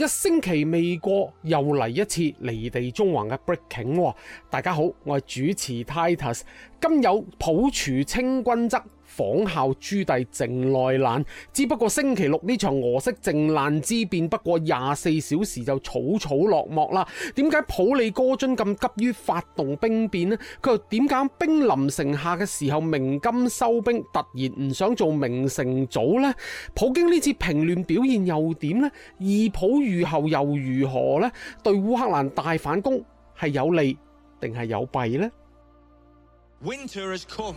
一星期未過，又嚟一次離地縱橫嘅 breaking 喎！大家好，我係主持 Titus，今有普廚清君側。仿效朱棣靖內難，只不過星期六呢場俄式靖難之變不過廿四小時就草草落幕啦。點解普利哥津咁急於發動兵變呢？佢又點解兵臨城下嘅時候鳴金收兵，突然唔想做明成祖呢？普京呢次平亂表現又點呢？二普遇後又如何呢？對烏克蘭大反攻係有利定係有弊呢？Winter has come.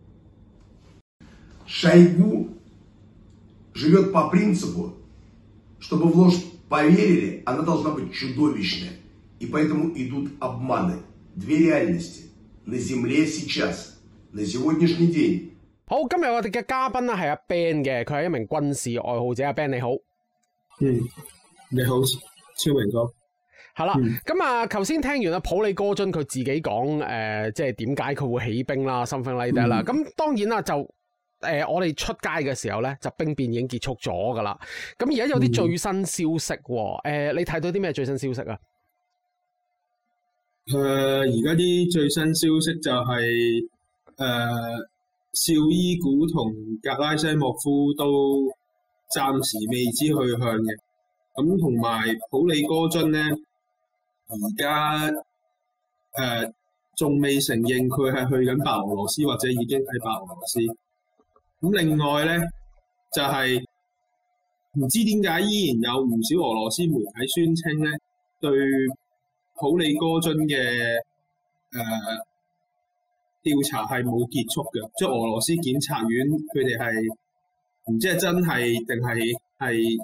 好，今日我哋嘅嘉賓咧係阿 Ben 嘅，佢係一名軍事愛好者。阿 Ben 你好，嗯，你好，超明哥，好啦，咁啊，頭先聽完阿普利哥津佢自己講誒、呃，即係點解佢會起兵啦 something like that 啦，咁當然啦就。誒，我哋出街嘅時候咧，就兵變已經結束咗噶啦。咁而家有啲最新消息喎。誒，你睇到啲咩最新消息啊？誒，而家啲最新消息就係、是、誒、紹、呃、伊古同格拉西莫夫都暫時未知去向嘅。咁同埋普里戈津咧，而家誒仲未承認佢係去緊白俄羅斯或者已經喺白俄羅斯。咁另外咧，就係、是、唔知點解依然有唔少俄羅斯媒體宣稱咧，對普里戈津嘅誒調查係冇結束嘅，即、就、係、是、俄羅斯檢察院佢哋係唔知係真係定係係誒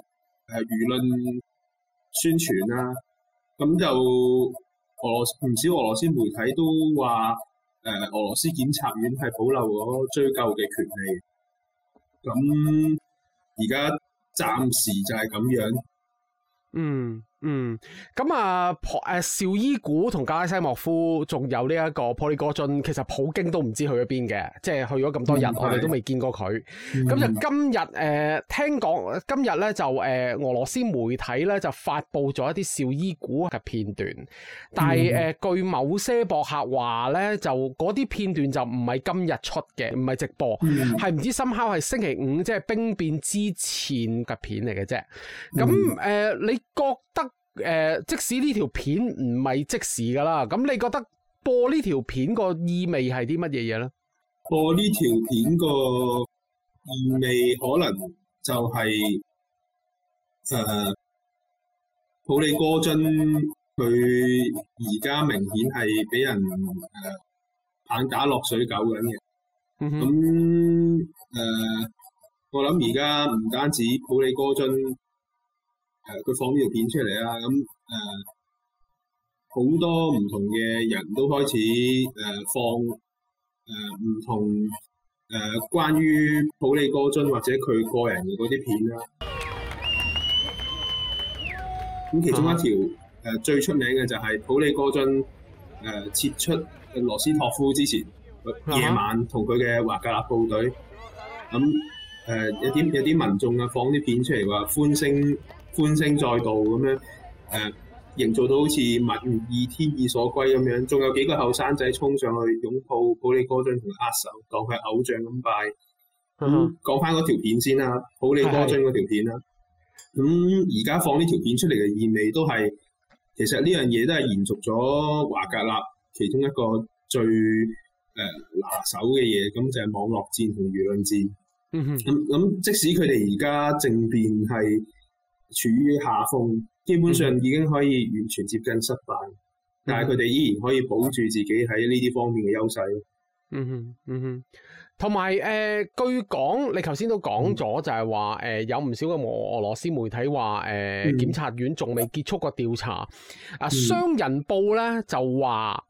輿論宣傳啦、啊。咁就俄唔少俄羅斯媒體都話誒、呃，俄羅斯檢察院係保留咗追究嘅權利。咁而家暫時就係咁樣。嗯。嗯，咁啊，普誒，紹伊古同格拉西莫夫、這個，仲有呢一個普里戈津，其實普京都唔知去咗邊嘅，即係去咗咁多日，嗯、我哋都未見過佢。咁、嗯、就今日誒、呃，聽講今日咧就誒、呃，俄羅斯媒體咧就發布咗一啲邵伊古嘅片段，但係誒、嗯呃，據某些博客話咧，就嗰啲片段就唔係今日出嘅，唔係直播，係唔、嗯、知深敲係星期五，即係兵變之前嘅片嚟嘅啫。咁誒、呃呃呃，你覺得？誒、呃，即使呢條片唔係即時噶啦，咁你覺得播呢條片個意味係啲乜嘢嘢咧？播呢條片個意味可能就係、是、誒、呃，普利哥津佢而家明顯係俾人誒棒打落水狗咁嘅。咁誒、mm hmm. 嗯呃，我諗而家唔單止普利哥津。誒佢放呢條片出嚟啦，咁誒好多唔同嘅人都開始誒、呃、放誒唔、呃、同誒、呃、關於普利戈津或者佢個人嘅嗰啲片啦。咁其中一條誒、uh huh. 呃、最出名嘅就係普利戈津誒、呃、撤出羅斯托夫之前夜晚同佢嘅華格納部隊，咁誒、呃、有啲有啲民眾啊放啲片出嚟話歡聲歡聲載道咁樣，誒、呃，營造到好似民意、天意所歸咁樣。仲有幾個後生仔衝上去擁抱普里戈津同佢握手，當佢係偶像咁拜。咁講翻嗰條片先啦，普里戈津嗰條片啦。咁而家放呢條片出嚟嘅意味都係，其實呢樣嘢都係延續咗華格納其中一個最誒、呃、拿手嘅嘢。咁就係網絡戰同輿論戰。咁咁、嗯哼嗯嗯，即使佢哋而家政變係，處於下風，基本上已經可以完全接近失敗，嗯、哼但係佢哋依然可以保住自己喺呢啲方面嘅優勢。嗯哼，嗯哼，同埋誒，據講你頭先都講咗，就係話誒，有唔少嘅俄俄羅斯媒體話，誒、呃，檢、嗯、察院仲未結束過調查。啊，商人報咧就話。嗯嗯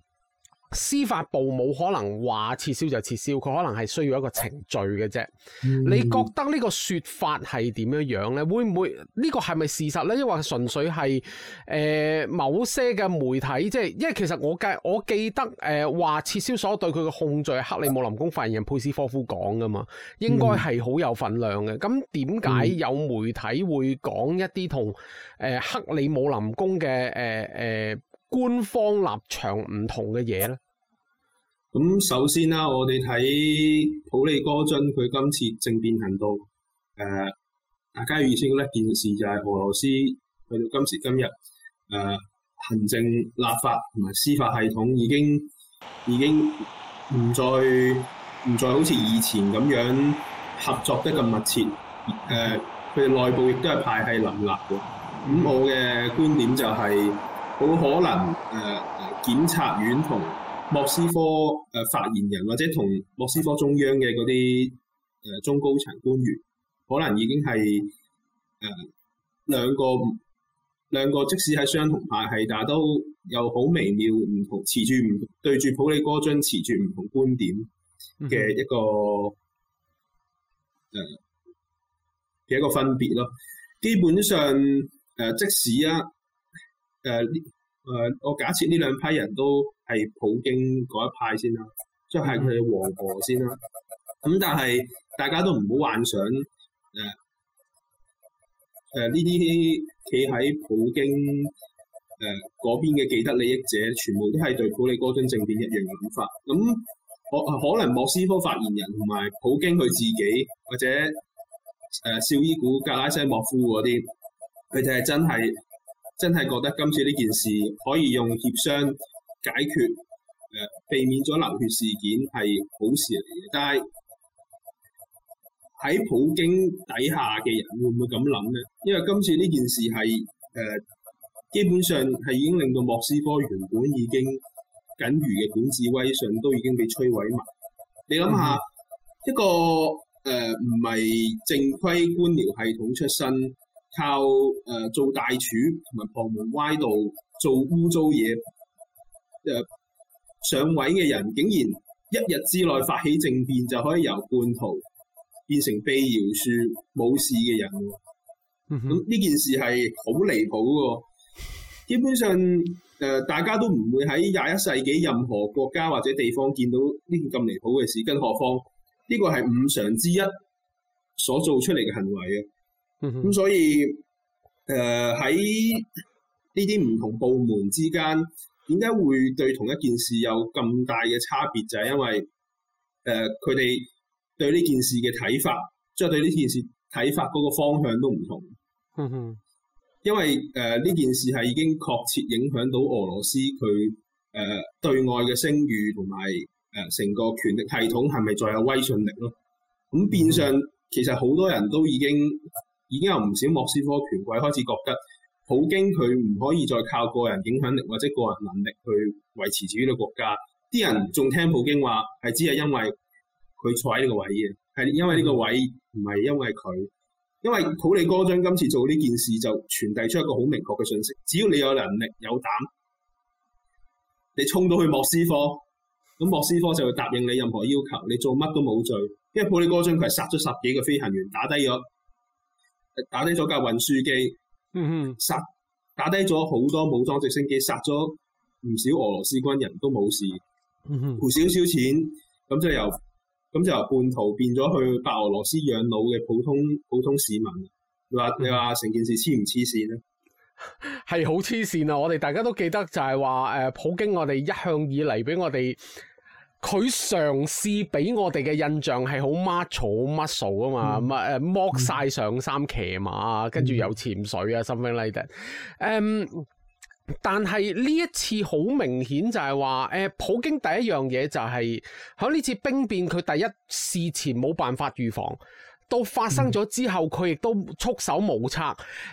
司法部冇可能話撤銷就撤銷，佢可能係需要一個程序嘅啫。嗯、你覺得呢個説法係點樣樣呢？會唔會呢、呢個係咪事實呢？抑或純粹係誒、呃、某些嘅媒體？即係因為其實我記我記得誒話、呃、撤銷所對佢嘅控罪，克里姆林宮發言人佩斯科夫講噶嘛，應該係好有份量嘅。咁點解有媒體會講一啲同誒克里姆林宮嘅誒誒？呃呃官方立場唔同嘅嘢咧，咁首先啦、啊，我哋睇普利戈津佢今次政變行動，誒、呃，大家預視到一件事就係俄羅斯去到今時今日，誒、呃，行政、立法同埋司法系統已經已經唔再唔再好似以前咁樣合作得咁密切，誒、呃，佢哋內部亦都係派系林立嘅。咁我嘅觀點就係、是。好可能誒誒、呃，檢察院同莫斯科誒、呃、發言人，或者同莫斯科中央嘅嗰啲誒中高層官員，可能已經係誒兩個兩個，兩個即使係相同派系，但係都有好微妙唔同，持住唔同、對住普里戈津，持住唔同觀點嘅一個誒嘅、嗯呃、一個分別咯。基本上誒、呃，即使啊～誒，誒、呃，我、呃、假設呢兩批人都係普京嗰一派先啦，即係佢哋皇婆先啦。咁但係大家都唔好幻想，誒、呃，誒、呃，呢啲企喺普京誒嗰邊嘅既得利益者，全部都係對普利哥津政變一樣嘅諗法。咁、嗯、可可能莫斯科發言人同埋普京佢自己，或者誒紹伊古、格拉西莫夫嗰啲，佢哋係真係。真係覺得今次呢件事可以用協商解決，誒、呃、避免咗流血事件係好事嚟嘅。但係喺普京底下嘅人會唔會咁諗咧？因為今次呢件事係誒、呃、基本上係已經令到莫斯科原本已經僅餘嘅管治威信都已經被摧毀埋。你諗下，嗯嗯一個誒唔係正規官僚系統出身，靠誒、呃、做大廚同埋旁門歪道，做污糟嘢，誒、呃、上位嘅人竟然一日之內發起政變就可以由叛徒變成被饒恕冇事嘅人，咁呢、嗯、哼件事係好離譜喎！基本上誒、呃、大家都唔會喺廿一世紀任何國家或者地方見到呢件咁離譜嘅事，更何況呢、呢個係五常之一所做出嚟嘅行為啊！咁、嗯、所以誒喺呢啲唔同部門之間，點解會對同一件事有咁大嘅差別？就係、是、因為誒佢哋對呢件事嘅睇法，即、就、係、是、對呢件事睇法嗰個方向都唔同。嗯、哼因為誒呢、呃、件事係已經確切影響到俄羅斯佢誒、呃、對外嘅聲譽，同埋誒成個權力系統係咪再有威信力咯？咁變相、嗯、哼其實好多人都已經。已經有唔少莫斯科權貴開始覺得普京佢唔可以再靠個人影響力或者個人能力去維持自己嘅國家。啲人仲聽普京話係只係因為佢坐喺呢個位嘅，係因為呢個位唔係因為佢。因為普里戈津今次做呢件事就傳遞出一個好明確嘅訊息：只要你有能力有膽，你衝到去莫斯科，咁莫斯科就會答應你任何要求，你做乜都冇罪。因為普里戈津佢係殺咗十幾個飛行員，打低咗。打低咗架運輸機，殺打低咗好多武裝直升機，殺咗唔少俄羅斯軍人都冇事，付少少錢，咁就由咁就由半途變咗去白俄羅斯養老嘅普通普通市民，你話你話成件事黐唔黐線咧？係好黐線啊！我哋大家都記得就係話誒，普京我哋一向以嚟俾我哋。佢嘗試俾我哋嘅印象係好 macho 好 muscle，啊嘛，咁啊誒剝曬上衫，騎馬跟住、嗯、有潛水啊，something like that。誒、um,，但係呢一次好明顯就係話，誒普京第一樣嘢就係喺呢次兵變，佢第一事前冇辦法預防。到發生咗之後，佢、嗯、亦都束手無策。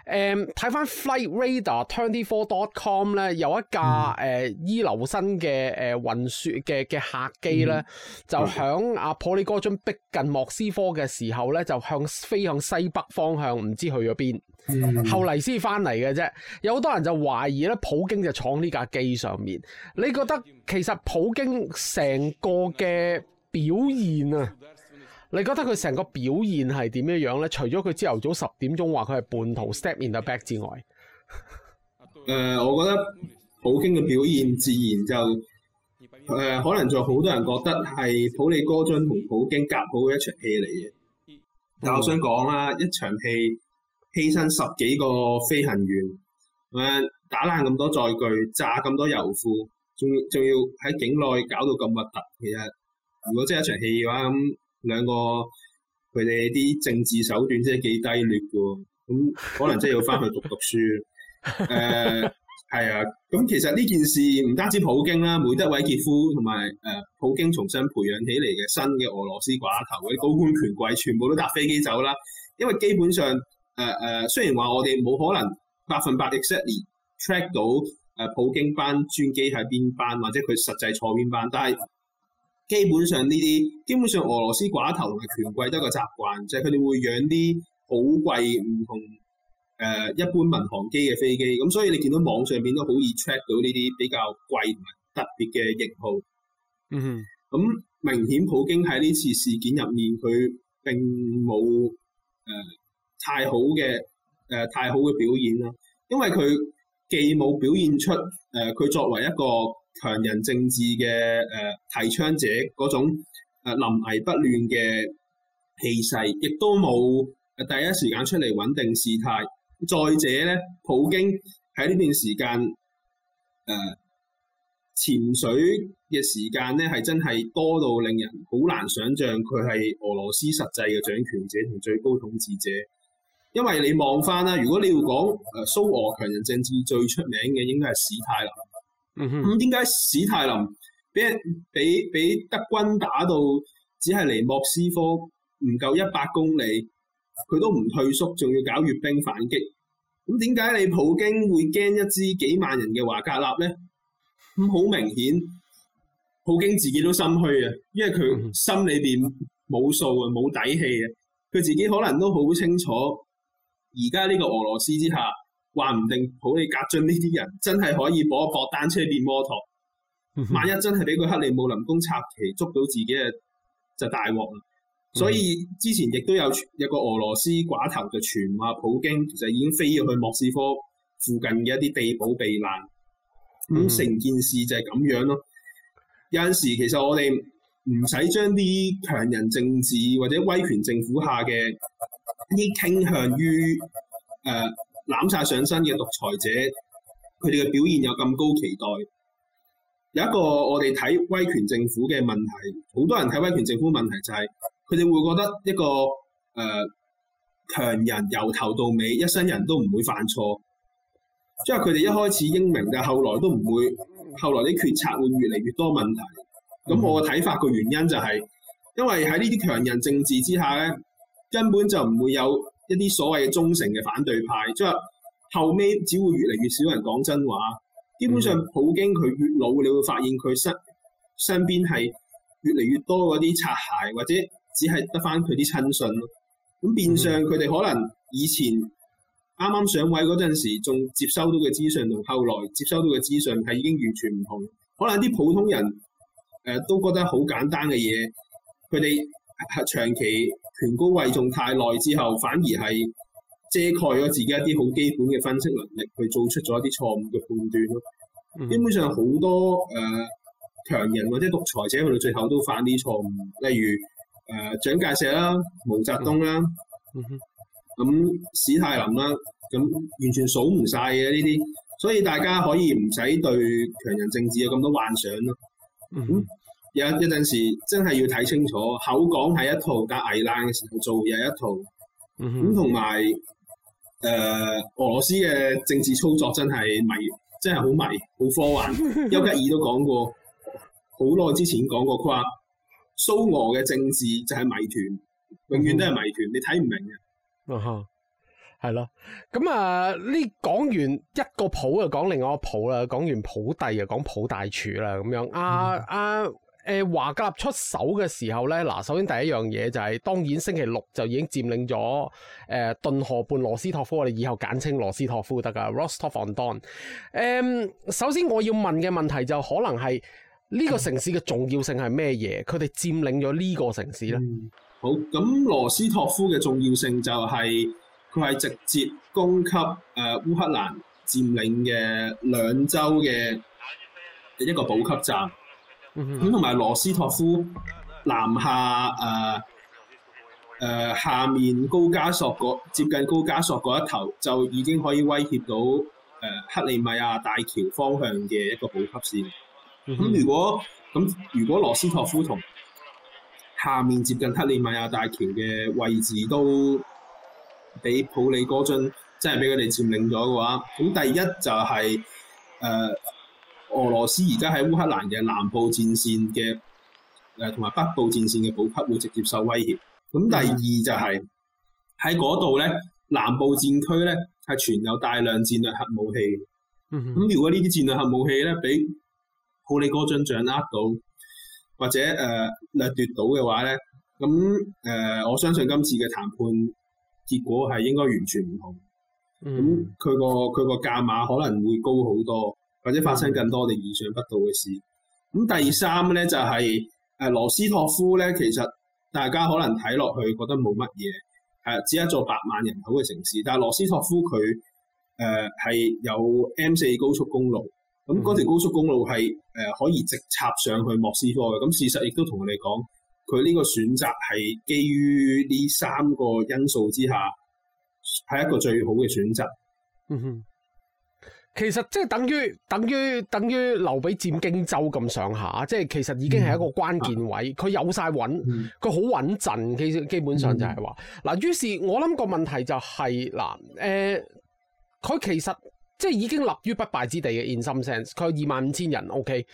誒、um,，睇翻 FlightRadar24.com 咧，有一架誒、嗯呃、伊留申嘅誒運輸嘅嘅客機咧，嗯、就響阿、啊、普里哥津逼近莫斯科嘅時候咧，就向飛向西北方向，唔知去咗邊。嗯嗯嗯後嚟先翻嚟嘅啫。有好多人就懷疑咧，普京就闖呢架機上面。你覺得其實普京成個嘅表現啊？你覺得佢成個表現係點樣樣咧？除咗佢朝頭早十點鐘話佢係半途 step in the back 之外，誒、呃，我覺得普京嘅表現自然就誒、呃，可能就好多人覺得係普利戈津同普京夾好嘅一場戲嚟嘅。但、嗯、我想講啦，一場戲犧牲十幾個飛行員，誒打爛咁多載具，炸咁多油庫，仲仲要喺境內搞到咁核突。其實如果真係一場戲嘅話，咁～兩個佢哋啲政治手段真係幾低劣嘅，咁可能真係要翻去讀讀書。誒係、 uh, 啊，咁、嗯、其實呢件事唔單止普京啦，梅德韋傑夫同埋誒普京重新培養起嚟嘅新嘅俄羅斯寡頭嘅高官權貴，全部都搭飛機走啦。因為基本上誒誒、啊啊，雖然話我哋冇可能百分百 exactly track 到誒、啊、普京班專機喺邊班，或者佢實際坐邊班，但係。基本上呢啲，基本上俄羅斯寡頭同埋權貴都有個習慣，就係佢哋會養啲好貴唔同誒、呃、一般民航機嘅飛機，咁所以你見到網上邊都好易 check 到呢啲比較貴同埋特別嘅型號。嗯哼，咁明顯普京喺呢次事件入面佢並冇誒、呃、太好嘅誒、呃、太好嘅表現啦，因為佢既冇表現出誒佢、呃、作為一個。強人政治嘅誒提倡者嗰種誒臨危不亂嘅氣勢，亦都冇第一時間出嚟穩定事態。再者咧，普京喺呢段時間誒潛水嘅時間咧，係真係多到令人好難想象佢係俄羅斯實際嘅掌權者同最高統治者。因為你望返啦，如果你要講誒蘇俄強人政治最出名嘅，應該係史泰林。咁點解史泰林俾俾德軍打到只係離莫斯科唔夠一百公里，佢都唔退縮，仲要搞閱兵反擊？咁點解你普京會驚一支幾萬人嘅華格納呢？咁好明顯，普京自己都心虛啊，因為佢心裏邊冇數啊，冇底氣啊，佢自己可能都好清楚，而家呢個俄羅斯之下。話唔定普利格津呢啲人真係可以搏一搏單車變摩托。萬一真係俾佢克里姆林宮插旗，捉到自己啊，就大鑊。所以、嗯、之前亦都有一個俄羅斯寡頭就傳話普京其實就已經飛咗去莫斯科附近嘅一啲地堡避難。咁成、嗯、件事就係咁樣咯。有陣時其實我哋唔使將啲強人政治或者威權政府下嘅啲傾向於誒。呃攬晒上身嘅獨裁者，佢哋嘅表現有咁高期待。有一個我哋睇威權政府嘅問題，好多人睇威權政府問題就係佢哋會覺得一個誒、呃、強人由頭到尾一生人都唔會犯錯，即係佢哋一開始英明嘅，後來都唔會，後來啲決策會越嚟越多問題。咁我嘅睇法個原因就係、是、因為喺呢啲強人政治之下咧，根本就唔會有。一啲所謂嘅忠誠嘅反對派，即係後尾只會越嚟越少人講真話。基本上，普京佢越老，你會發現佢身身邊係越嚟越多嗰啲擦鞋，或者只係得返佢啲親信咯。咁變相佢哋可能以前啱啱上位嗰陣時，仲接收到嘅資訊，同後來接收到嘅資訊係已經完全唔同。可能啲普通人誒都覺得好簡單嘅嘢，佢哋係長期。權高位重太耐之後，反而係遮蓋咗自己一啲好基本嘅分析能力，去做出咗一啲錯誤嘅判斷咯。嗯、哼基本上好多誒強、呃、人或者獨裁者，去到最後都犯啲錯誤，例如誒、呃、蔣介石啦、毛澤東啦，咁、嗯、哼史泰林啦，咁完全數唔晒嘅呢啲，所以大家可以唔使對強人政治有咁多幻想咯。嗯有一陣時真係要睇清楚，口講係一套，但危難嘅時候做又一套。咁同埋，誒、呃，俄羅斯嘅政治操作真係迷，真係好迷，好科幻。丘 吉爾都講過，好耐之前講過，佢話蘇俄嘅政治就係謎團，永遠都係謎團，你睇唔明嘅。啊哈、嗯，係咯。咁啊，呢、呃、講完一個普就講另外一個普啦，講完普大，就講普大廚啦，咁樣啊啊。啊啊。誒、呃、華格納出手嘅時候咧，嗱首先第一樣嘢就係、是、當然星期六就已經佔領咗誒、呃、頓河畔羅斯托夫，我哋以後簡稱羅斯托夫得㗎。Rostov-on-Don。誒、呃、首先我要問嘅問題就是、可能係呢、呢個城市嘅重要性係咩嘢？佢哋佔領咗呢個城市咧、嗯。好，咁羅斯托夫嘅重要性就係佢係直接供給誒、呃、烏克蘭佔領嘅兩州嘅一個補給站。咁同埋羅斯托夫南下誒誒、呃呃、下面高加索接近高加索嗰一頭，就已經可以威脅到誒、呃、克里米亞大橋方向嘅一個補給線。咁、嗯、哼如果咁如果羅斯托夫同下面接近克里米亞大橋嘅位置都俾普里戈津即係俾佢哋佔領咗嘅話，咁第一就係、是、誒。呃俄羅斯而家喺烏克蘭嘅南部戰線嘅誒同埋北部戰線嘅補給會直接受威脅。咁第二就係喺嗰度咧，南部戰區咧係存有大量戰略核武器。咁、mm hmm. 如果呢啲戰略核武器咧俾普利哥津掌握到或者誒、呃、掠奪到嘅話咧，咁誒、呃、我相信今次嘅談判結果係應該完全唔同。咁佢個佢個價碼可能會高好多。或者發生更多你意想不到嘅事。咁第三咧就係誒羅斯托夫咧，其實大家可能睇落去覺得冇乜嘢，誒只一座百萬人口嘅城市。但係羅斯托夫佢誒係有 M4 高速公路，咁嗰條高速公路係誒可以直插上去莫斯科嘅。咁事實亦都同我哋講，佢呢個選擇係基於呢三個因素之下，係一個最好嘅選擇。嗯哼。其實即係等於等於等於留俾佔京州咁上下，即、啊、係其實已經係一個關鍵位。佢、嗯、有晒穩，佢好穩陣。基基本上就係話嗱，於、嗯啊、是我諗個問題就係、是、嗱，誒、啊，佢、呃、其實即係已經立於不敗之地嘅。In some sense，佢二萬五千人。OK，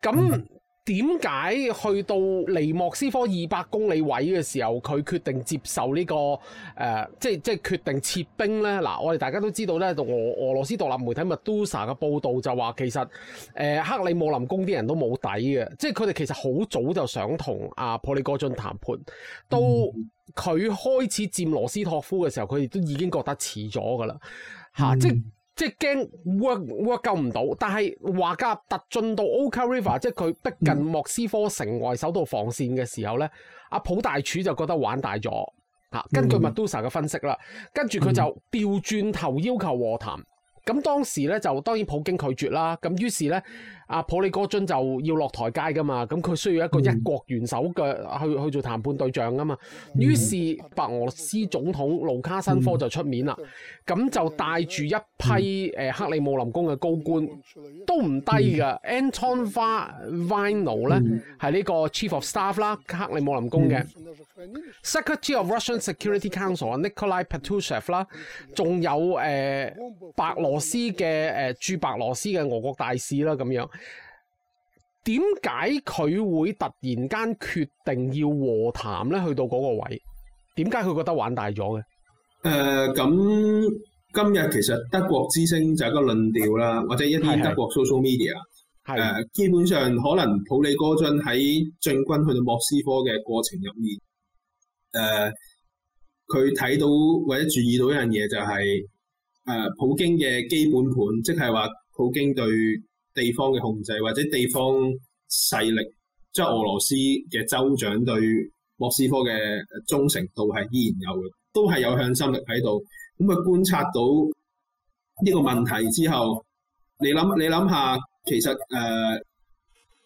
咁、嗯。嗯點解去到離莫斯科二百公里位嘅時候，佢決定接受呢、這個誒、呃，即係即係決定撤兵呢？嗱，我哋大家都知道呢俄俄羅斯獨立媒體《美杜莎》嘅報導就話，其實誒、呃、克里姆林宮啲人都冇底嘅，即係佢哋其實好早就想同阿、啊、普里戈津談判，到佢開始佔羅斯托夫嘅時候，佢哋都已經覺得遲咗㗎喇吓，即、嗯即係驚，work work 救唔到，但係華家突進到 Oka River，即係佢逼近莫斯科城外首道防線嘅時候咧，阿、嗯、普大廚就覺得玩大咗嚇。根據墨都莎嘅分析啦，跟住佢就調轉頭要求和談。咁當時咧就當然普京拒絕啦。咁於是咧。阿普里哥津就要落台階噶嘛，咁佢需要一個一國元首嘅去去做談判對象噶嘛。於是白俄羅斯總統盧卡申科就出面啦，咁就帶住一批誒克里姆林宮嘅高官，都唔低噶。Anton Vaino 咧係呢個 chief of staff 啦，克里姆林宮嘅。Secretary of Russian Security Council Nikolai Patrushev 啦，仲有誒白俄羅斯嘅誒駐白俄羅斯嘅俄國大使啦咁樣。點解佢會突然間決定要和談呢？去到嗰個位，點解佢覺得玩大咗嘅？誒、呃，咁今日其實德國之聲就一個論調啦，或者一啲德國 social media，誒，基本上可能普里戈津喺進軍去到莫斯科嘅過程入面，誒是，佢睇、呃、到或者注意到一樣嘢就係、是、誒、呃，普京嘅基本盤，即係話普京對地方嘅控制或者地方勢力，即係俄羅斯嘅州長對莫斯科嘅忠誠度係依然有嘅，都係有向心力喺度。咁佢觀察到呢個問題之後，你諗你諗下，其實誒、呃、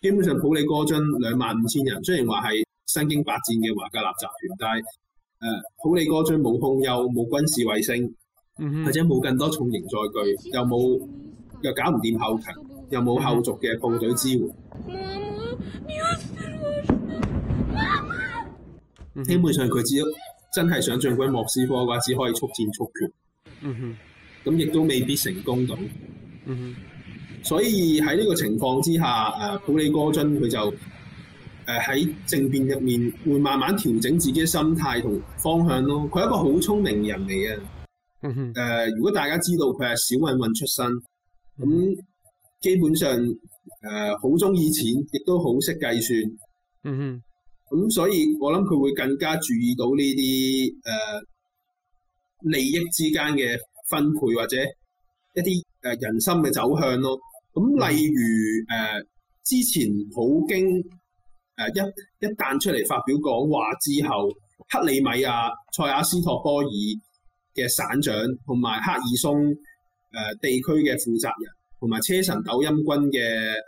基本上普里戈津兩萬五千人，雖然話係身經百戰嘅華格納集團，但係誒、呃、普里戈津冇空優，冇軍事衛星，mm hmm. 或者冇更多重型載具，又冇又搞唔掂後勤。又冇後續嘅砲嘴支援。嗯嗯嗯、基本上，佢只要真係想進軍莫斯科嘅話，只可以速戰速決。嗯哼。咁、嗯、亦都未必成功到。嗯哼。嗯所以喺呢個情況之下，誒普里戈津佢就誒喺政變入面會慢慢調整自己嘅心態同方向咯。佢係一個好聰明人嚟嘅。哼、嗯。誒、嗯呃，如果大家知道佢係小混混出身，咁、嗯。嗯基本上誒好鍾意錢，亦都好識計算，嗯哼，咁、嗯、所以我諗佢會更加注意到呢啲誒利益之間嘅分配或者一啲誒人心嘅走向咯。咁、嗯、例如誒、呃、之前普京誒、呃、一一旦出嚟發表講話之後，克里米亞、塞亞斯托波爾嘅省長同埋克爾松誒、呃、地區嘅負責人，同埋車臣抖音軍嘅誒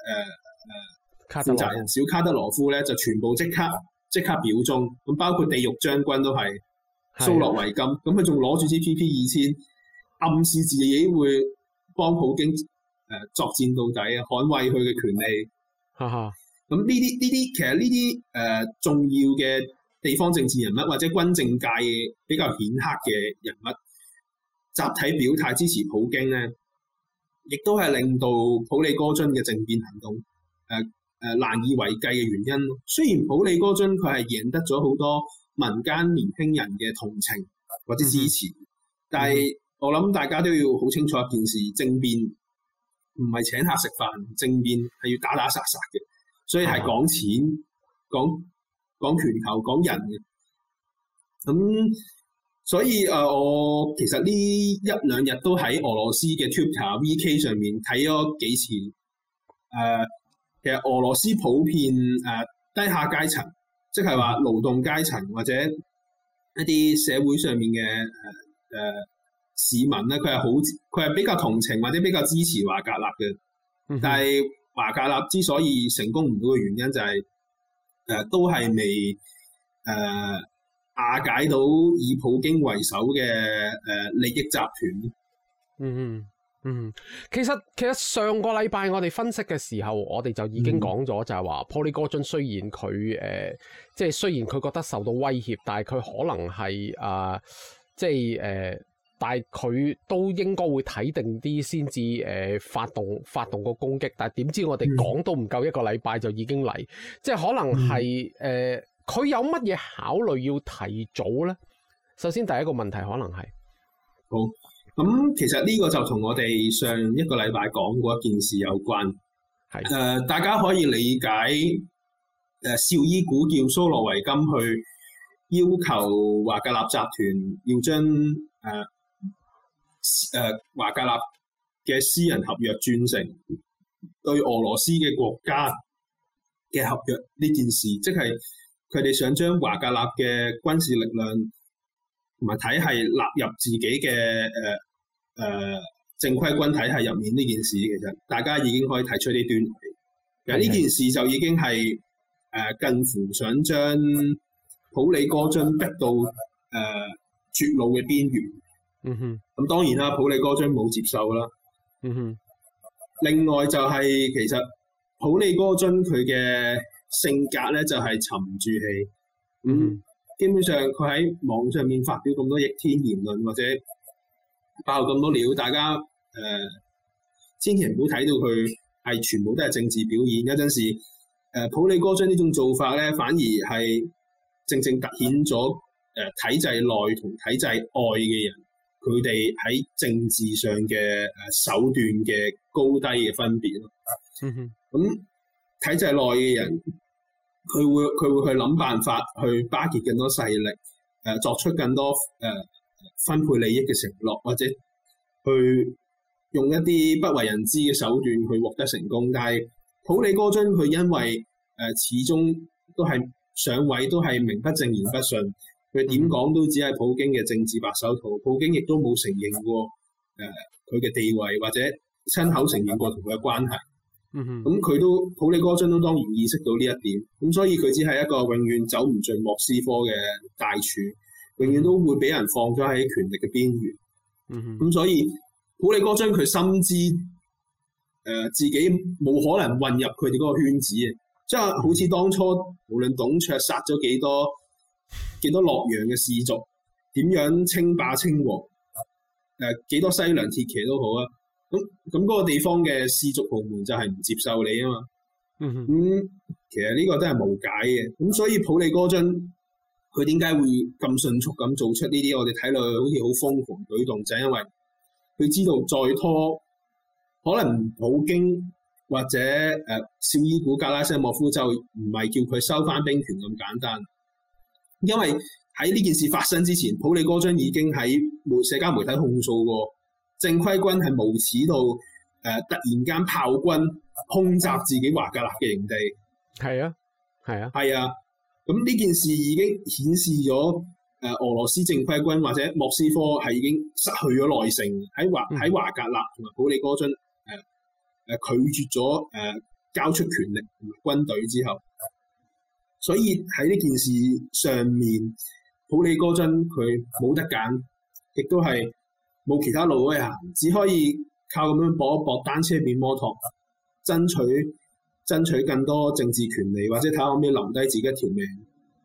誒負責人小卡德羅夫咧，就全部即刻即刻表忠，咁包括地獄將軍都係蘇洛維金，咁佢仲攞住支 PP 二千，暗示自己會幫普京誒、呃、作戰到底，捍衞佢嘅權力。咁呢啲呢啲其實呢啲誒重要嘅地方政治人物或者軍政界比較顯赫嘅人物，集體表態支持普京咧。亦都係令到普利戈津嘅政變行動，誒誒難以為繼嘅原因。雖然普利戈津佢係贏得咗好多民間年輕人嘅同情或者支持，嗯、但係我諗大家都要好清楚一件事：政變唔係請客食飯，政變係要打打殺殺嘅，所以係講錢、嗯、講講拳頭、講人嘅咁。所以誒，我其實呢一兩日都喺俄羅斯嘅 Twitter、VK 上面睇咗幾次。誒、呃，其實俄羅斯普遍誒、呃、低下階層，即係話勞動階層或者一啲社會上面嘅誒誒市民咧，佢係好佢係比較同情或者比較支持華格納嘅。嗯、但係華格納之所以成功唔到嘅原因就係、是、誒、呃、都係未誒。呃瓦解到以普京為首嘅，誒、呃、利益集團。嗯嗯嗯，其實其實上個禮拜我哋分析嘅時候，我哋就已經講咗，就係話普里戈津雖然佢誒、呃，即係雖然佢覺得受到威脅，但係佢可能係啊、呃，即係誒、呃，但係佢都應該會睇定啲先至誒發動發動個攻擊。但係點知我哋講到唔夠一個禮拜就已經嚟，即係、嗯嗯、可能係誒。呃佢有乜嘢考慮要提早咧？首先，第一個問題可能係好咁。其實呢個就同我哋上一個禮拜講過一件事有關。係誒的、呃，大家可以理解誒、呃，紹伊古叫蘇羅維金去要求華格納集團要將誒誒、呃呃、華格納嘅私人合約轉成對俄羅斯嘅國家嘅合約呢件事，即係。佢哋想將華格納嘅軍事力量同埋體系納入自己嘅誒誒正規軍體系入面呢件事，其實大家已經可以提出啲端倪。其實呢件事就已經係誒、呃、近乎想將普里戈津逼到誒、呃、絕路嘅邊緣。嗯哼。咁當然啦，普里戈津冇接受啦。嗯哼。另外就係、是、其實普里戈津佢嘅。性格咧就係、是、沉住氣，嗯，基本上佢喺網上面發表咁多逆天言論或者爆咁多料，大家誒、呃、千祈唔好睇到佢係全部都係政治表演。有陣時誒普利哥將呢種做法咧，反而係正正凸顯咗誒體制內同體制外嘅人，佢哋喺政治上嘅誒手段嘅高低嘅分別咯。咁、嗯哼嗯、體制內嘅人。嗯。佢會佢會去諗辦法，去巴結更多勢力，誒作出更多誒分配利益嘅承諾，或者去用一啲不為人知嘅手段去獲得成功。但係普里哥津佢因為誒始終都係上位，都係名不正言不順，佢點講都只係普京嘅政治白手套。普京亦都冇承認過誒佢嘅地位，或者親口承認過同佢嘅關係。咁佢，嗯、都普利哥將都當然意識到呢一點，咁所以佢只係一個永遠走唔進莫斯科嘅大廚，嗯、哼永遠都會俾人放咗喺權力嘅邊緣。咁、嗯、哼所以普利哥將佢深知誒、呃、自己冇可能混入佢哋嗰個圈子啊！即、就、係、是、好似當初，嗯、哼無論董卓殺咗幾多幾多洛陽嘅士族，點樣稱霸稱王誒，幾多西涼鐵騎都好啊！咁咁嗰個地方嘅氏族部門就係唔接受你啊嘛，咁、嗯哼嗯、其實呢個真係無解嘅。咁所以普里戈津佢點解會咁迅速咁做出呢啲我哋睇落去好似好瘋狂舉動，就係、是、因為佢知道再拖，可能普京或者誒肖依古、格拉西莫夫就唔係叫佢收翻兵權咁簡單，因為喺呢件事發生之前，普里戈津已經喺媒社交媒體控訴過。正規軍係無恥到，誒，突然間炮軍轟襲自己華格納嘅營地，係啊，係啊，係啊。咁呢件事已經顯示咗誒、呃，俄羅斯正規軍或者莫斯科係已經失去咗耐性。喺華喺華格納同埋普里戈津誒誒、呃，拒絕咗誒、呃、交出權力同埋軍隊之後，所以喺呢件事上面，普里戈津佢冇得揀，亦都係。冇其他路可以行，只可以靠咁樣搏一搏，單車變摩托，爭取爭取更多政治權利，或者睇下可唔可以留低自己一條命。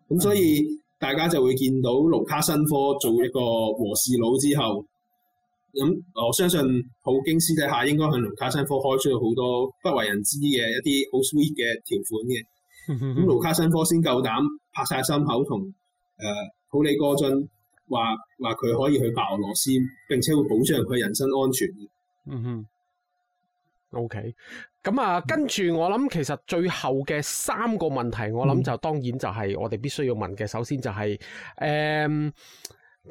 咁所以、嗯、大家就會見到盧卡申科做一個和事佬之後，咁我相信普京私底下應該向盧卡申科開出咗好多不為人知嘅一啲好 sweet 嘅條款嘅。咁、嗯嗯嗯、盧卡申科先夠膽拍晒心口同誒、呃、普里戈津，話話佢可以去白俄羅斯，並且會保障佢人身安全。嗯哼，OK。咁、okay。啊，嗯、跟住我諗，其實最後嘅三個問題，我諗就當然就係我哋必須要問嘅。嗯、首先就係、是、誒、嗯，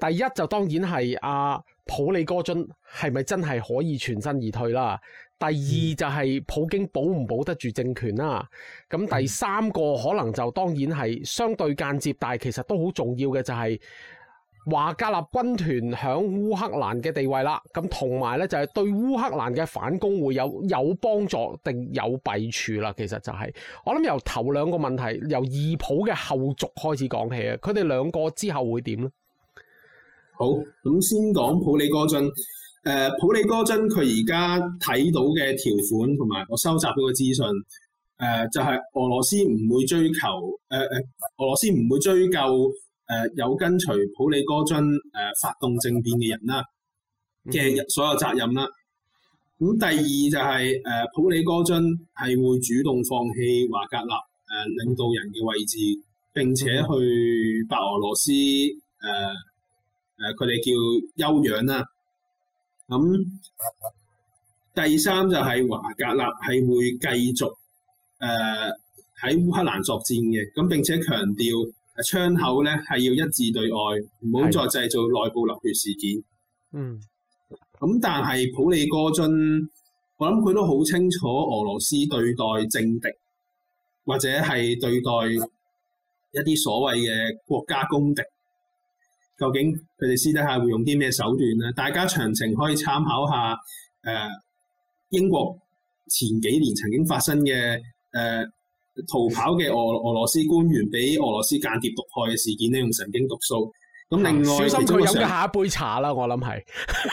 第一就當然係阿、啊、普里哥津係咪真係可以全身而退啦？第二就係普京保唔保得住政權啦、啊？咁第三個可能就當然係相對間接，但係其實都好重要嘅就係、是。華格納軍團響烏克蘭嘅地位啦，咁同埋咧就係對烏克蘭嘅反攻會有有幫助定有弊處啦。其實就係、是、我諗由頭兩個問題，由二普嘅後續開始講起啊。佢哋兩個之後會點咧？好，咁先講普里戈津。誒、呃，普里戈津佢而家睇到嘅條款同埋我收集到嘅資訊，誒、呃、就係、是、俄羅斯唔會追求，誒、呃、誒，俄羅斯唔會追究。誒，有跟隨普里戈津誒發動政變嘅人啦嘅所有責任啦。咁、嗯、第二就係誒普里戈津係會主動放棄華格納誒領導人嘅位置，並且去白俄羅斯誒誒佢哋叫休養啦。咁、嗯、第三就係華格納係會繼續誒喺、呃、烏克蘭作戰嘅，咁並且強調。槍口咧係要一致對外，唔好再製造內部流血事件。的嗯，咁但係普利哥津，我諗佢都好清楚俄羅斯對待政敵，或者係對待一啲所謂嘅國家公敵，究竟佢哋私底下會用啲咩手段咧？大家詳情可以參考下，誒、呃、英國前幾年曾經發生嘅誒。呃逃跑嘅俄俄羅斯官員俾俄羅斯間諜毒害嘅事件呢，用神經毒素。咁另外，小心佢飲嘅下一杯茶啦！我諗係，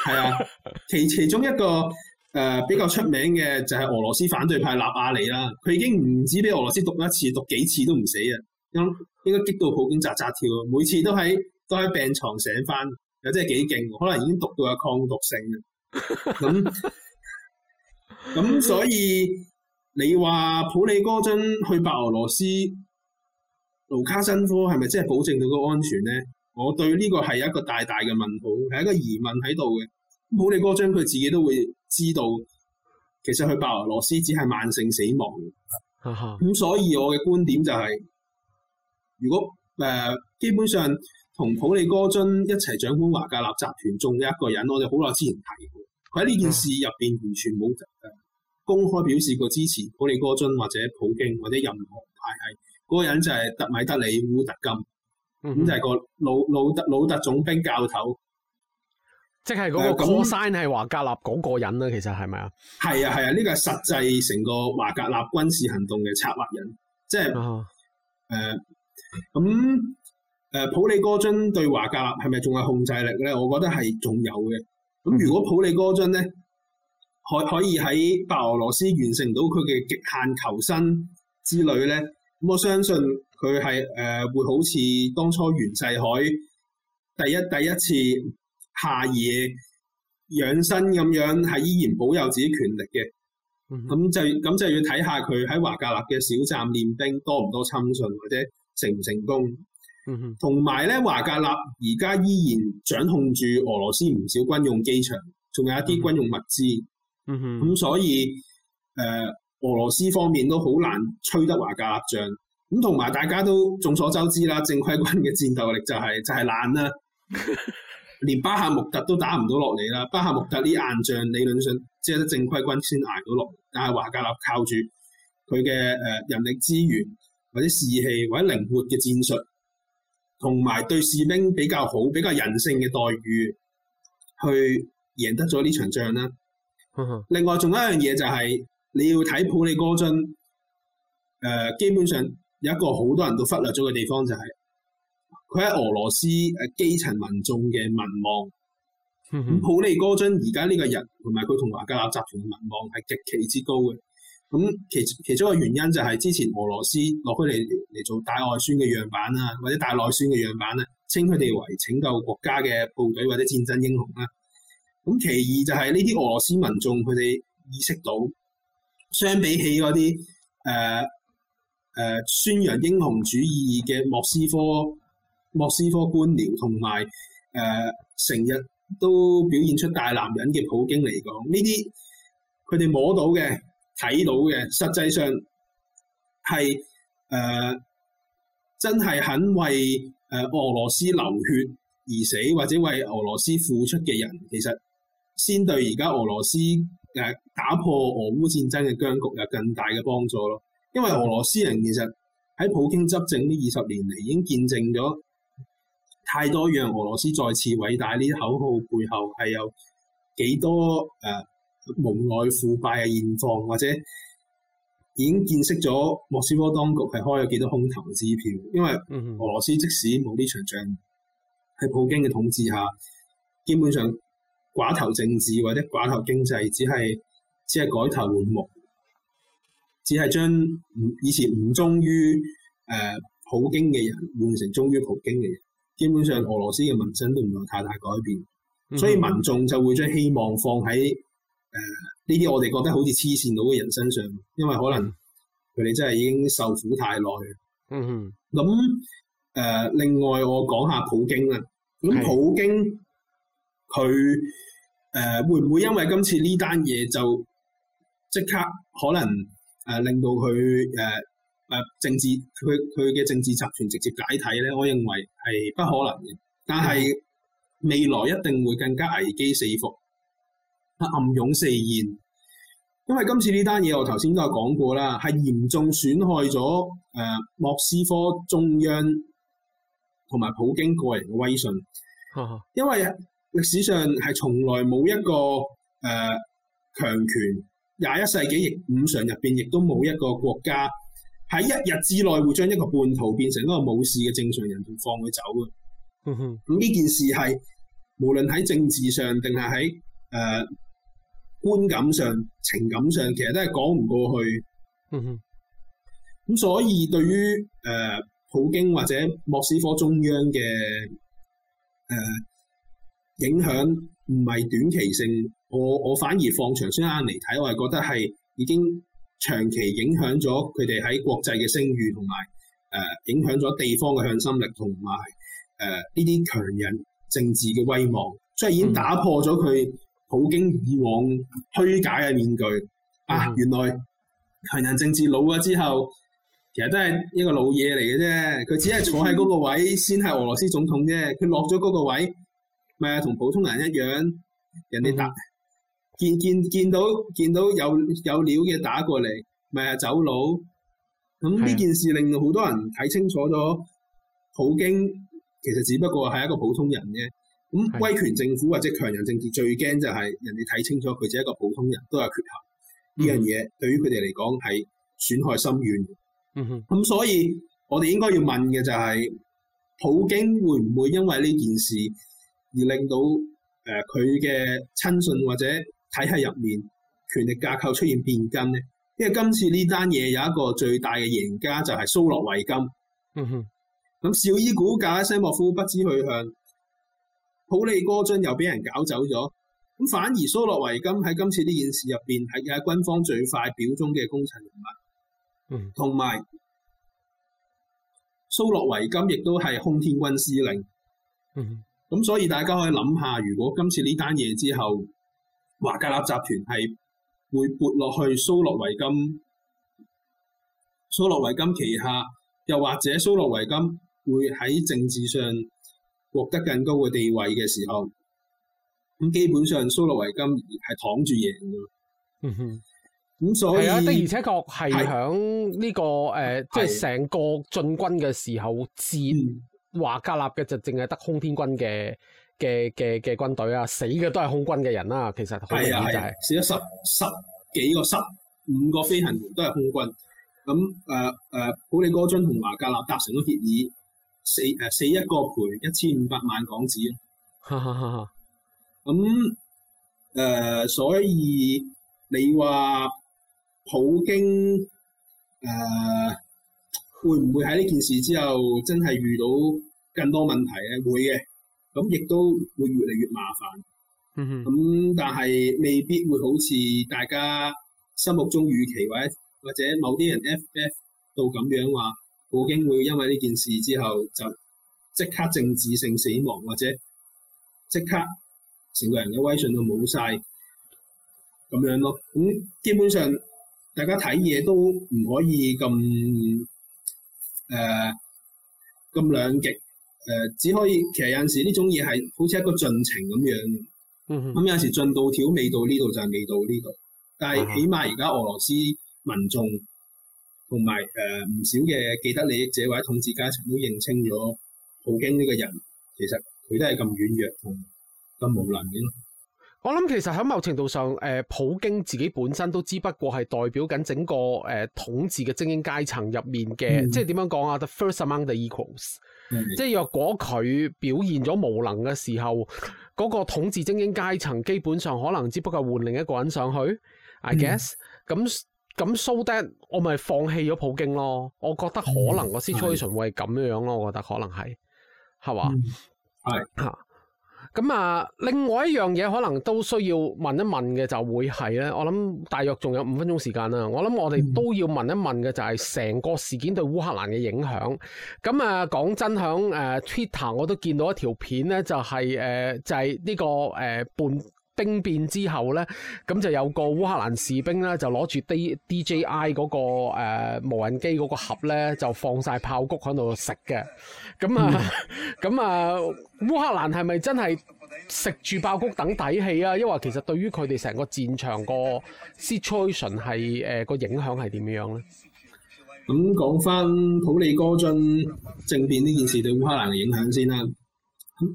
係 啊 。其其中一個誒、呃、比較出名嘅就係俄羅斯反對派納亞尼啦。佢已經唔止俾俄羅斯毒一次，毒幾次都唔死啊！咁應該激到普京咋咋跳，每次都喺都喺病床醒翻，又真係幾勁。可能已經毒到有抗毒性啊！咁咁 所以。你話普利戈津去白俄羅斯，盧卡申科係咪真係保證佢嘅安全咧？我對呢個係一個大大嘅問號，係一個疑問喺度嘅。普利戈津佢自己都會知道，其實去白俄羅斯只係慢性死亡。咁、 嗯、所以我嘅觀點就係、是，如果誒、呃、基本上同普利戈津一齊掌管華格納集團中嘅一個人，我哋好耐之前提過，佢喺呢件事入邊完全冇 公開表示過支持普利戈津或者普京或者任何派系，嗰個人就係特米德里烏特金，咁、嗯嗯、就係個老老特老特種兵教頭，即係嗰個。咁，戈山係華格納嗰個人啦，嗯、其實係咪啊？係啊係啊，呢個係實際成個華格納軍事行動嘅策劃人，即係誒咁誒普利戈津對華格納係咪仲有控制力咧？我覺得係仲有嘅。咁如果普利戈津咧？呢可可以喺白俄羅斯完成到佢嘅極限求生之旅呢。我相信佢係誒會好似當初袁世凱第一第一次下野養生咁樣，係依然保有自己權力嘅。咁、嗯、哼就咁就要睇下佢喺華格納嘅小站練兵多唔多親信，或者成唔成功。同埋咧，華格納而家依然掌控住俄羅斯唔少軍用機場，仲有一啲軍用物資。嗯嗯哼，咁所以，誒、呃，俄羅斯方面都好難吹得華格納仗，咁同埋大家都眾所周知啦，正規軍嘅戰鬥力就係、是、就係爛啦， 連巴夏穆特都打唔到落嚟啦。巴夏穆特呢硬仗，理論上只係得正規軍先捱到落，但係華格納靠住佢嘅誒人力資源或者士氣或者靈活嘅戰術，同埋對士兵比較好比較人性嘅待遇，去贏得咗呢場仗啦。另外仲有一樣嘢就係你要睇普利哥津，誒、呃，基本上有一個好多人都忽略咗嘅地方就係，佢喺俄羅斯誒基層民眾嘅民望，嗯、哼普利哥津而家呢個人同埋佢同瓦格納集團嘅民望係極其之高嘅，咁其其中一個原因就係之前俄羅斯落去嚟嚟做大外宣嘅樣板啊，或者大內宣嘅樣板咧、啊，稱佢哋為拯救國家嘅部隊或者戰爭英雄啦、啊。咁其二就係呢啲俄羅斯民眾，佢哋意識到，相比起嗰啲誒誒宣揚英雄主義嘅莫斯科莫斯科官僚同埋誒成日都表現出大男人嘅普京嚟講，呢啲佢哋摸到嘅、睇到嘅，實際上係誒、呃、真係肯為誒俄羅斯流血而死，或者為俄羅斯付出嘅人，其實。先對而家俄羅斯誒打破俄烏戰爭嘅僵局有更大嘅幫助咯，因為俄羅斯人其實喺普京執政呢二十年嚟，已經見證咗太多讓俄羅斯再次偉大呢啲口號背後係有幾多誒無奈腐敗嘅現況，或者已經見識咗莫斯科當局係開咗幾多空頭支票。因為俄羅斯即使冇呢場仗，喺普京嘅統治下，基本上。寡頭政治或者寡頭經濟只，只係只係改頭換目，只係將以前唔忠於誒、呃、普京嘅人換成忠於普京嘅人。基本上俄羅斯嘅民生都唔係太大改變，嗯、哼所以民眾就會將希望放喺誒呢啲我哋覺得好似黐線佬嘅人身上，因為可能佢哋真係已經受苦太耐。嗯嗯哼。咁誒、呃，另外我講下普京啊。咁普京佢。的誒會唔會因為今次呢單嘢就即刻可能誒令到佢誒誒政治佢佢嘅政治集團直接解體咧？我認為係不可能嘅，但係未來一定會更加危機四伏、暗湧四現。因為今次呢單嘢，我頭先都有講過啦，係嚴重損害咗誒莫斯科中央同埋普京個人嘅威信，因為。歷史上係從來冇一個誒、呃、強權，廿一世紀亦五常入邊亦都冇一個國家喺一日之內會將一個叛徒變成一個冇事嘅正常人同放佢走嘅。咁呢、嗯、哼件事係無論喺政治上定係喺誒觀感上、情感上，其實都係講唔過去。咁、嗯、哼所以對於誒、呃、普京或者莫斯科中央嘅誒。呃影響唔係短期性，我我反而放長雙眼嚟睇，我係覺得係已經長期影響咗佢哋喺國際嘅聲譽，同埋誒影響咗地方嘅向心力，同埋誒呢啲強人政治嘅威望，即係已經打破咗佢普京以往虛假嘅面具。嗯、啊，原來強人政治老咗之後，其實都係一個老嘢嚟嘅啫。佢只係坐喺嗰個位先係俄羅斯總統啫，佢落咗嗰個位，咪係同普通人一樣，人哋打、嗯、見見見到見到有有料嘅打過嚟，咪係走佬。咁、嗯、呢的件事令到好多人睇清楚咗，普京其實只不過係一個普通人啫。咁、嗯、的威權政府或者強人政治最驚就係人哋睇清楚佢只係一個普通人，都有缺陷。呢樣嘢對於佢哋嚟講係損害深遠。咁、嗯嗯、所以我哋應該要問嘅就係、是，普京會唔會因為呢件事？而令到誒佢嘅親信或者體系入面權力架構出現變更咧，因為今次呢單嘢有一個最大嘅贏家就係蘇洛維金。咁、嗯、哼紹伊古、格拉西莫夫不知去向，普利戈津又俾人搞走咗，咁反而蘇洛維金喺今次呢件事入邊係喺軍方最快表中嘅功臣人物。同埋蘇洛維金亦都係空天軍司令。嗯咁所以大家可以諗下，如果今次呢單嘢之後，華格納集團係會撥落去蘇洛維金，蘇洛維金旗下，又或者蘇洛維金會喺政治上獲得更高嘅地位嘅時候，咁基本上蘇洛維金係躺住贏。嗯哼，咁所以啊，的而且確係響呢個誒，即係成個進軍嘅時候戰。華格納嘅就淨係得空天軍嘅嘅嘅嘅軍隊啊，死嘅都係空軍嘅人啦、啊。其實好啊、就是，就係死咗十十幾個、十五個飛行員都係空軍。咁誒誒，普利哥津同華格納達成咗協議，死誒死、啊、一個賠一千五百萬港紙啊。咁誒、 嗯呃，所以你話普京誒？呃會唔會喺呢件事之後真係遇到更多問題咧？會嘅，咁亦都會越嚟越麻煩。咁、嗯、哼但係未必會好似大家心目中預期或者或者某啲人 F F 到咁樣話，普京會因為呢件事之後就即刻政治性死亡，或者即刻成個人嘅威信都冇晒。咁樣咯。咁基本上大家睇嘢都唔可以咁。誒，咁兩極，誒、呃，只可以其實有陣時呢種嘢係，好似一個進程咁樣，咁、嗯哼嗯、有陣時進度條未到呢度就係未到呢度，但係起碼而家俄羅斯民眾同埋誒唔少嘅既得利益者或者統治階層都認清咗普京呢個人，其實佢都係咁軟弱同咁無能嘅。我諗其實喺某程度上，誒，普京自己本身都只不過係代表緊整個誒、呃、統治嘅精英階層入面嘅，嗯、即係點樣講啊？The first among the equals、嗯。即係若果佢表現咗無能嘅時候，嗰、嗰個統治精英階層基本上可能只不過換另一個人上去，I guess、嗯。咁咁 so that 我咪放棄咗普京咯。我覺得可能個 situation、嗯、會係咁樣樣咯。我覺得可能係，係嘛、嗯？係吓對。咁啊，另外一樣嘢可能都需要問一問嘅就會係咧，我諗大約仲有五分鐘時間啦。我諗我哋都要問一問嘅就係成個事件對烏克蘭嘅影響。咁啊，講真響、呃、Twitter 我都見到一條片咧、就係呃，就係誒就係呢個誒、呃、半。兵變之後咧，咁就有個烏克蘭士兵咧，就攞住 D D J I 嗰，那個誒、呃、無人機嗰個盒咧，就放晒爆谷喺度食嘅。咁啊，咁、嗯、 啊，烏克蘭係咪真係食住爆谷等睇戲啊？因為其實對於佢哋成個戰場個 situation 係誒個影響係點樣咧？咁講翻普里戈津政變呢件事對烏克蘭嘅影響先啦。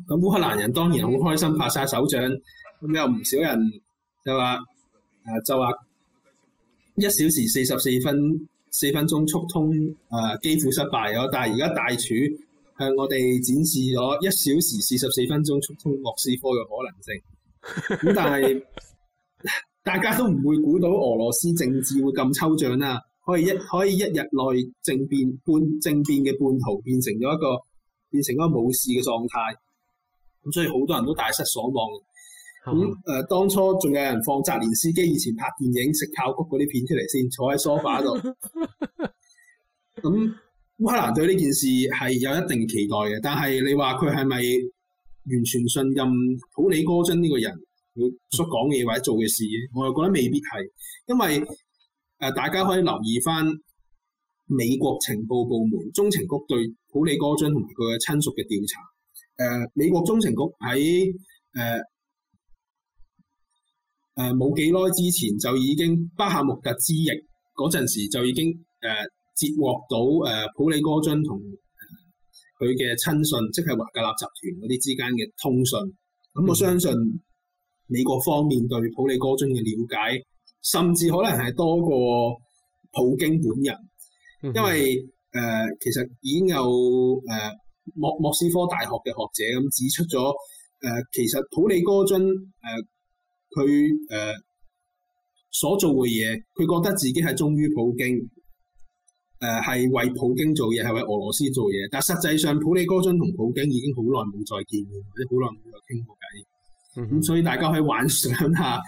咁烏克蘭人當然好開心，拍晒手掌。咁有唔少人就話，誒，就話，一小時四十四分四分鐘速通，誒、啊，幾乎失敗咗。但係而家大廚向我哋展示咗一小時四十四分鐘速通莫斯科嘅可能性。咁 但係大家都唔會估到俄羅斯政治會咁抽象啦，可以一可以一日內政變半政變嘅半途變成咗一個變成一個冇事嘅狀態。咁所以好多人都大失所望。咁誒、嗯呃，當初仲有人放《澤連斯基以前拍電影食炮谷嗰啲片出嚟先，坐喺梳化度。咁烏、 嗯、克蘭對呢件事係有一定期待嘅，但係你話佢係咪完全信任普里戈津呢個人？佢所講嘅嘢，或者做嘅事，我又覺得未必係，因為誒、呃，大家可以留意翻，美國情報部門中情局對普里戈津同佢嘅親屬嘅調查。誒、呃，美國中情局喺誒。呃誒，冇幾耐之前就已經，巴赫穆特之役嗰陣時就已經誒、接、呃、獲到誒、呃、普里戈津同佢嘅親信，即係華格納集團嗰啲之間嘅通訊。咁我相信美國方面對普里戈津嘅了解，甚至可能係多過普京本人，嗯、哼因為誒、呃、其實已經有誒、呃、莫莫斯科大學嘅學者咁指出咗誒、呃，其實普里戈津誒。呃佢誒、呃、所做嘅嘢，佢覺得自己係忠於普京，誒、呃、係為普京做嘢，係為俄羅斯做嘢。但實際上，普利戈津同普京已經好耐冇再見或者好耐冇傾過偈。咁、嗯哼嗯、所以大家可以幻想下，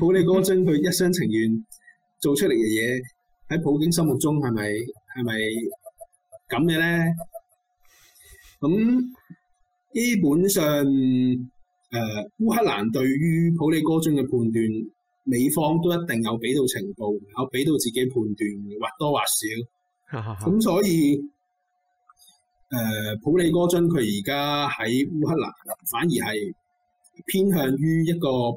普利戈津佢一廂情願做出嚟嘅嘢，喺 普京心目中係咪係咪咁嘅咧？咁基本上。誒，烏、呃、克蘭對於普里戈津嘅判斷，美方都一定有俾到情報，有俾到自己判斷，或多或少。咁 所以誒、呃，普里戈津佢而家喺烏克蘭，反而係偏向於一個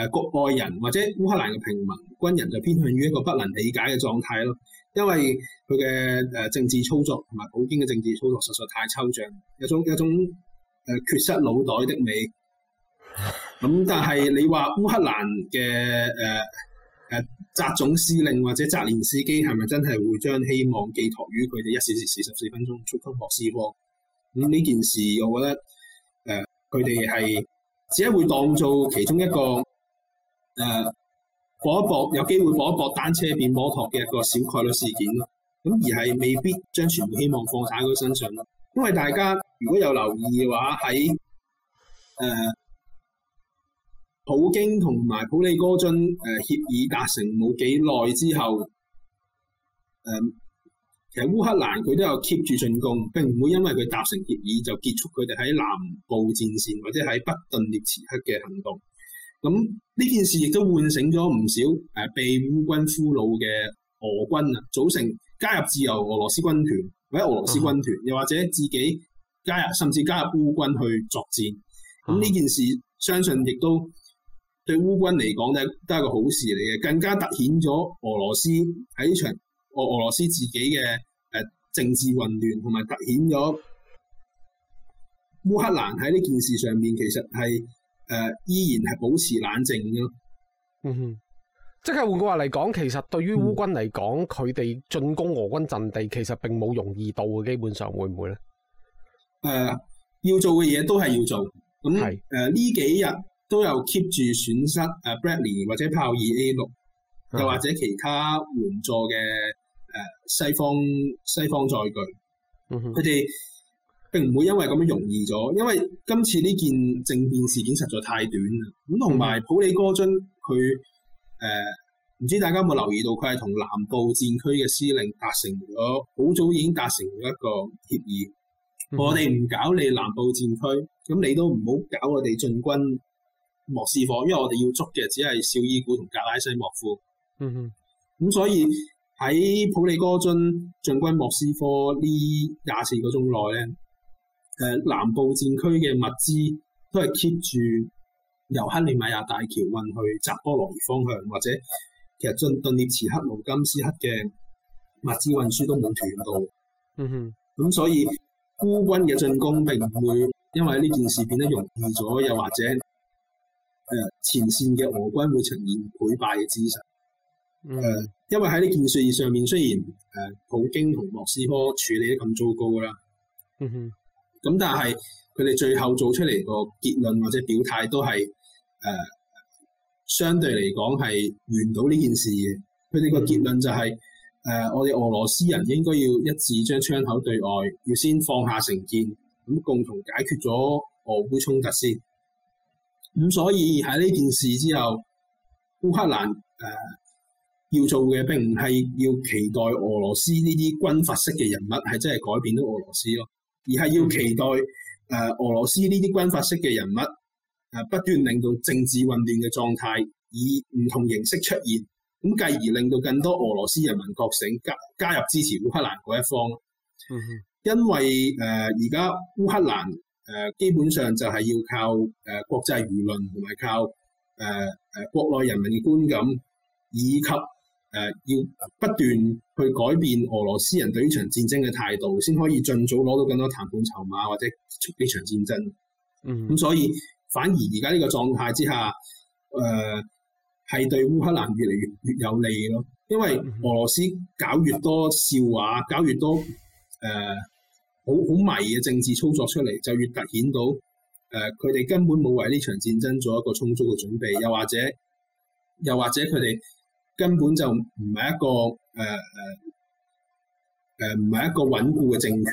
誒誒、呃、國外人或者烏克蘭嘅平民軍人，就偏向於一個不能理解嘅狀態咯。因為佢嘅誒政治操作同埋普京嘅政治操作實在太抽象，有種一種。一種一種缺、呃、失腦袋的美。咁、嗯、但係你話烏克蘭嘅誒誒，呃呃、澤總司令或者澤連斯基係咪真係會將希望寄託於佢哋一小時四十四分鐘出攻莫斯科？咁、嗯、呢件事，我覺得誒，佢哋係只係會當做其中一個誒搏、呃、一搏有機會搏一搏單車變摩托嘅一個小概率事件咯。咁、嗯、而係未必將全部希望放晒喺佢身上咯。因為大家如果有留意嘅話，喺誒、呃、普京同埋普里哥津誒協、呃、議達成冇幾耐之後，誒、呃、其實烏克蘭佢都有 keep 住進攻，並唔會因為佢達成協議就結束佢哋喺南部戰線或者喺北頓涅茨克嘅行動。咁、嗯、呢件事亦都喚醒咗唔少誒、呃、被烏軍俘虜嘅俄軍啊，組成加入自由俄羅斯軍團。或者俄羅斯軍團，又或者自己加入，甚至加入烏軍去作戰，咁呢、嗯、件事相信亦都對烏軍嚟講咧都係一個好事嚟嘅，更加凸顯咗俄羅斯喺呢場俄俄羅斯自己嘅誒、呃、政治混亂，同埋凸顯咗烏克蘭喺呢件事上面其實係誒、呃、依然係保持冷靜咯。嗯哼。即係換句話嚟講，其實對於烏軍嚟講，佢哋進攻俄軍陣地其實並冇容易到嘅，基本上會唔會咧？誒、呃，要做嘅嘢都係要做，咁誒呢幾日都有 keep 住損失誒、呃、，Bradley 或者豹二 A 六、嗯，又或者其他援助嘅誒、呃、西方西方載具，佢哋、嗯、哼並唔會因為咁樣容易咗，因為今次呢件政變事件實在太短，咁同埋普里戈津佢。誒唔、uh, 知大家有冇留意到，佢係同南部戰區嘅司令達成咗好早已經達成咗一個協議。嗯、哼我哋唔搞你南部戰區，咁你都唔好搞我哋進軍莫斯科，因為我哋要捉嘅只係紹伊古同格拉西莫夫。嗯哼，咁所以喺普里戈津進軍莫斯科呢廿四個鐘內咧，誒南部戰區嘅物資都係 keep 住。由克里米亞大橋運去扎波羅耶方向，或者其實進頓涅茨克盧甘斯克嘅物資運輸都冇斷到。嗯哼，咁、嗯、所以烏軍嘅進攻並唔會因為呢件事變得容易咗，又或者誒、呃、前線嘅俄軍會呈現潰敗嘅姿勢。誒、嗯哼呃，因為喺呢件事上面，雖然誒、呃、普京同莫斯科處理得咁糟糕啦。嗯哼，咁、嗯哼嗯、但係佢哋最後做出嚟個結論或者表態都係。誒，相對嚟講係完到呢件事嘅，佢哋個結論就係、是，誒、嗯呃，我哋俄羅斯人應該要一致將窗口對外，要先放下成見，咁、嗯、共同解決咗俄烏衝突先。咁、嗯、所以喺呢件事之後，烏克蘭誒、呃、要做嘅並唔係要期待俄羅斯呢啲軍閥式嘅人物係真係改變咗俄羅斯咯，而係要期待誒、呃、俄羅斯呢啲軍閥式嘅人物。誒，不斷令到政治混亂嘅狀態以唔同形式出現，咁繼而令到更多俄羅斯人民覺醒，加加入支持烏克蘭嗰一方。嗯、哼因為誒而家烏克蘭誒、呃，基本上就係要靠誒、呃、國際輿論同埋靠誒誒、呃、國內人民嘅觀感，以及誒、呃、要不斷去改變俄羅斯人對呢場戰爭嘅態度，先可以盡早攞到更多談判籌碼，或者結束呢場戰爭。咁、嗯、哼所以。反而而家呢個狀態之下，誒、呃、係對烏克蘭越嚟越越有利咯，因為俄羅斯搞越多笑話，搞越多誒好好迷嘅政治操作出嚟，就越突顯到誒佢哋根本冇為呢場戰爭做一個充足嘅準備，又或者又或者佢哋根本就唔係一個誒誒誒唔係一個穩固嘅政權。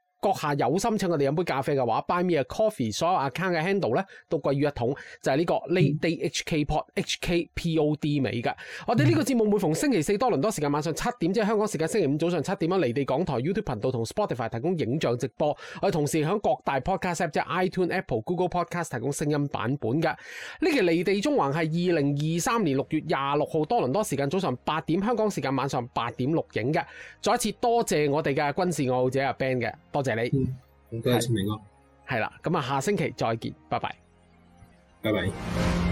閣下有心請我哋飲杯咖啡嘅話，buy me a coffee，所有 account 嘅 handle 咧都貴於一桶，就係、是、呢個 Late Date HK Pod HK POD 美嘅。我哋呢個節目每逢星期四多倫多時間晚上七點，即係香港時間星期五早上七點啊，離地港台 YouTube 頻道同 Spotify 提供影像直播，我哋同時響各大 podcast app 即係 iTunes、Apple、Google Podcast 提供聲音版本嘅。呢期離地中環係二零二三年六月廿六號多倫多時間早上八點，香港時間晚上八點錄影嘅。再一次多謝我哋嘅軍事愛好者阿 Ben 嘅，多謝。謝你，咁多謝明哥，係啦，咁啊，下星期再見，拜拜，拜拜。